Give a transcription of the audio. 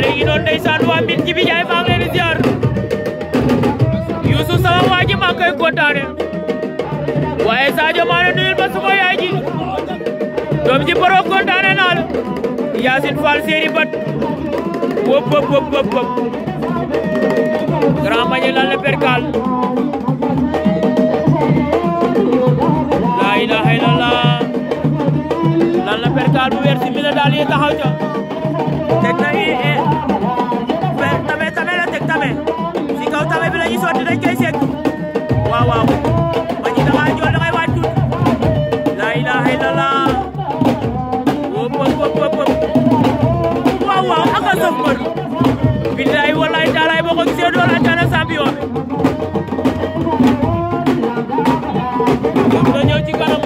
xale yi noonu ndeysaan waa mbin bi jaay maa ngi leen di ziar Youssou sama maa ngi kontaane waaye Sadio Mané nuyul ma suma yaay ji doom ji borom kontaane naa la Yacine Fall séeri bat wop wop wop wop wop grand mañi lan weer si mi daal yi taxaw ca tawe bi la ñuy sotti dañ koy seet waaw waaw ma ji dama jool dangay waaj tuut la ilaha illallah wop wop wop wop waaw waaw ak a sëf mbër billahi wallahi taalaay boo ko gisee doo la tane champion bi ñëw ci kanam